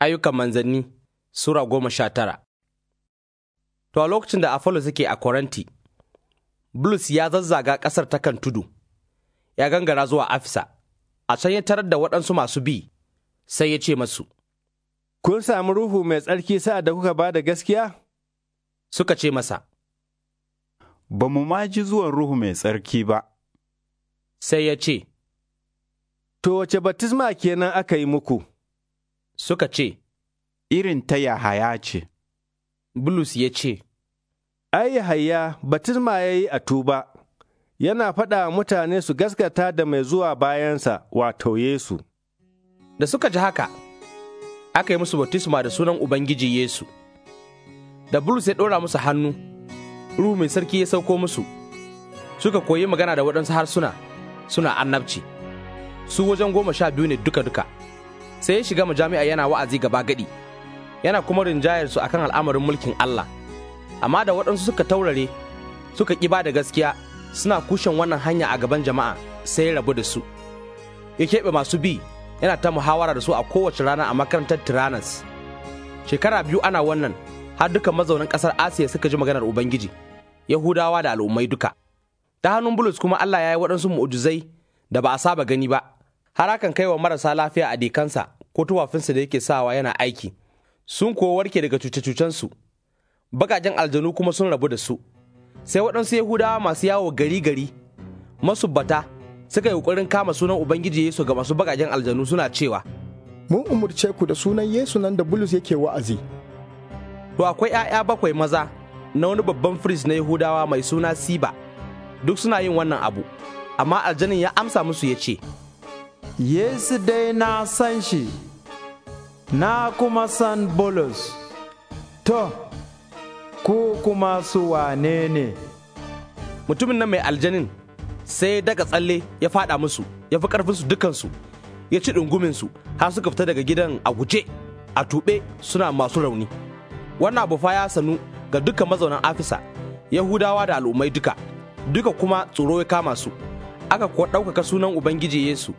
Ayyukan manzanni Sura goma sha tara To a lokacin da Apollos yake a Koranti, Bulus ya zazzaga ƙasar ta kan tudu, ya gangara zuwa Afisa, a can ya tarar da waɗansu masu bi, sai ya ce masu, Kun sami ruhu mai tsarki sa'ad da kuka ba da gaskiya? Suka ce masa, Ba mu ma ji zuwan ruhu mai tsarki ba. Sai ya ce, To wace batisma kenan aka yi muku? suka ce, Irin ta Yahaya ce. Bulus ya ce, Ai, Yahaya batisma ya yi a tuba, yana faɗa mutane su gaskata da mai zuwa bayansa wato Yesu. Da suka ji haka, aka yi musu batisma da sunan Ubangiji Yesu. Da Bulus ya ɗora musu hannu, ruhu mai sarki ya sauko musu, suka koyi magana da waɗansu harsuna, suna annabci, su wajen goma sha biyu ne duka-duka. sai ya shiga majami'a yana wa'azi gaba gadi yana kuma rinjayar su akan al'amarin mulkin Allah amma da waɗansu suka taurare suka ƙi ba da gaskiya suna kushen wannan hanya a gaban jama'a sai ya rabu da su ya keɓe masu bi yana ta muhawara da su a kowace rana a makarantar Tiranas shekara biyu ana wannan har duka mazaunan ƙasar Asiya suka ji maganar Ubangiji Yahudawa da al'ummai duka ta hannun Bulus kuma Allah ya yi waɗansu mu'ujizai da ba a saba gani ba har akan kai wa marasa lafiya a dikansa ko tufafinsa da yake sawa yana aiki sun kuwa warke daga cuce-cucensu bakajen aljanu kuma sun rabu da su sai waɗansu yahudawa masu yawo gari-gari bata suka yi ƙoƙarin kama sunan ubangiji yesu ga masu bakajen aljanu suna cewa mun umurce ku da sunan yesu nan da bulus yake wa'azi to akwai 'ya'ya bakwai maza na wani babban firist na yahudawa mai suna siba duk suna yin wannan abu amma aljanin ya amsa musu ya ce Yesu dai na san shi, na kuma san Bulus, to, ku kuma su wane ne? Mutumin na mai aljanin sai daga tsalle ya fada musu, ya fi ƙarfinsu dukansu, ya ci ɗunguminsu, har suka fita daga gidan a guje, a tuɓe suna masu rauni. Wannan abu fa ya sanu ga dukkan mazaunan Afisa, Yahudawa da al'ummai duka, duka kuma tsoro ya kama su, aka kuwa ɗaukaka sunan Ubangiji Yesu.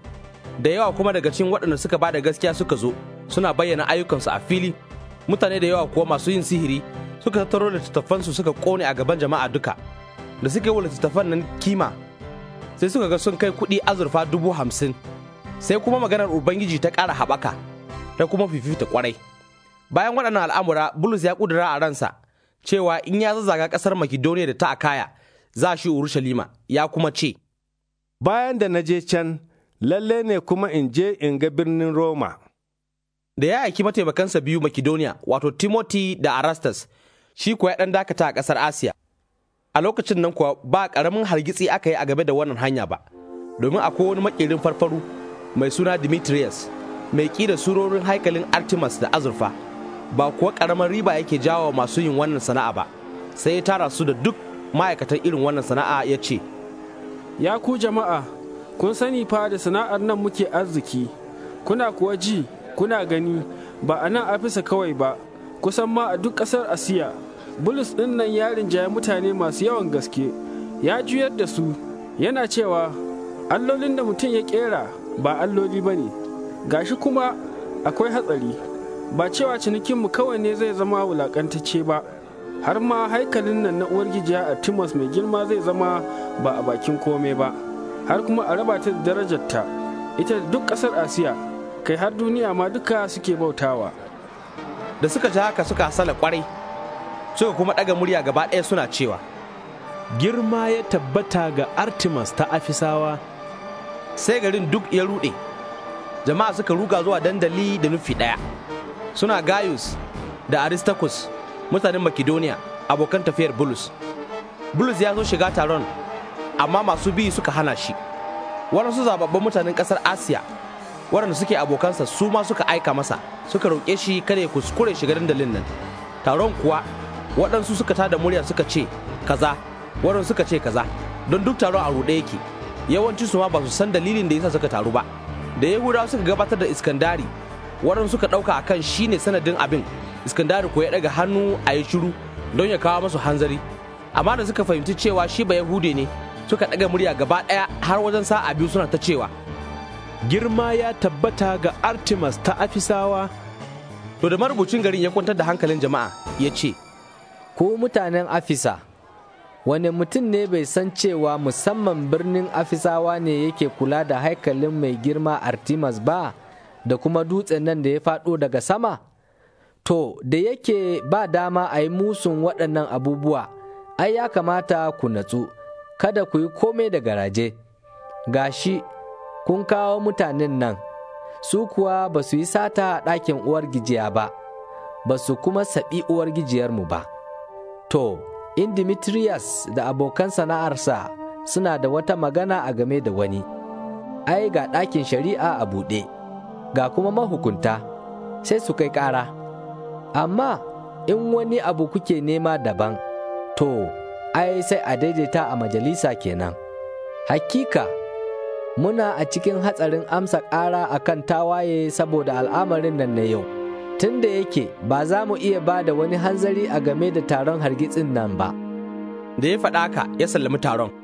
da yawa kuma daga cikin waɗanda suka ba gaskiya suka zo suna bayyana ayyukansu a fili mutane da yawa kuwa masu yin sihiri suka tattaro littattafansu suka kone a gaban jama'a duka da suka yi wa littattafan nan kima sai suka ga sun kai kuɗi azurfa dubu hamsin sai kuma maganar ubangiji ta ƙara haɓaka ta kuma fifita kwarai bayan waɗannan al'amura bulus ya ƙudura a ransa cewa in ya zazzaga ƙasar makidoniya da ta akaya za shi urushalima ya kuma ce bayan da na je can lalle ne kuma in je in ga birnin Roma. Da ya aiki mataimakansa biyu Makedoniya, wato Timoti da Arastas, shi kuwa ya ɗan dakata a ƙasar Asiya. A lokacin nan kuwa ba ƙaramin hargitsi aka yi a game da wannan hanya ba, domin akwai wani makerin farfaru mai suna Demetrius, mai ƙi da surorin haikalin Artemis da azurfa, ba kuwa ƙaramin riba yake jawo masu yin wannan sana'a ba, sai ya tara su da duk ma'aikatan irin wannan sana'a ya ce, Ya ku jama'a, kun sani fa da sana'ar nan muke arziki kuna kuwa ji kuna gani ba a nan afisa kawai ba kusan ma a duk ƙasar asiya bulus ɗin nan ya rinjaye mutane masu yawan gaske ya juyar da su yana cewa allolin da mutum ya ƙera ba alloli ba ne gashi kuma akwai hatsari ba cewa cinikinmu kawai ne zai zama wulaƙantacce ba har ma haikalin nan na uwargijiya a timas mai girma zai zama ba a bakin komai ba. har kuma a raba ta darajar darajarta ita duk ƙasar asiya kai har duniya ma duka suke bautawa da suka ji haka suka hasala kwarai suka kuma ɗaga murya gaba ɗaya suna cewa girma ya tabbata ga artemis ta afisawa sai garin duk ya ruɗe jama'a suka ruga zuwa dandali da nufi ɗaya suna gaius da aristarchus mutanen makedoniya abokan tafiyar bulus bulus ya zo shiga taron amma masu bi suka hana shi waɗansu zababban mutanen ƙasar asiya waɗanda suke abokansa su ma suka aika masa suka roƙe shi kada ya kuskure shiga dandalin nan taron kuwa waɗansu suka tada murya suka ce kaza waɗansu suka ce kaza don duk taron a ruɗe yake yawanci su ma ba su san dalilin da yasa suka taru ba da yahudawa suka gabatar da iskandari waɗansu suka ɗauka akan ne sanadin abin iskandari ko ya daga hannu a yi shiru don ya kawo masu hanzari amma da suka fahimci cewa shi ba yahude ne suka ɗaga murya gaba ɗaya har wajen sa'a biyu suna ta cewa girma ya tabbata ga artemis ta afisawa to da marubucin garin ya kwantar da hankalin jama'a ya ce ko mutanen afisa wani mutum ne bai san cewa musamman birnin afisawa ne yake kula da haikalin mai girma artemis ba da kuma dutsen nan da ya faɗo daga sama to da yake ba dama a yi musun waɗannan abubuwa ai ya kamata ku natsu kada ku yi kome da garaje, gashi kun kawo mutanen nan, su kuwa ba su yi sata a ɗakin uwar gijiya ba, ba su kuma saɓi uwar gijiyarmu ba. To, in Dimitrius da abokan sana'arsa suna da wata magana a game da wani, ai ga ɗakin shari'a a buɗe, ga kuma mahukunta, sai su kai ƙara. Amma in wani abu kuke nema daban, to, ai sai a daidaita a majalisa kenan. Hakika, muna a cikin hatsarin amsa ƙara a kan tawaye saboda al'amarin nan na yau, tun da yake ba za mu iya ba da wani hanzari a game da taron hargitsin nan ba. Da ya faɗa ka ya sallami taron.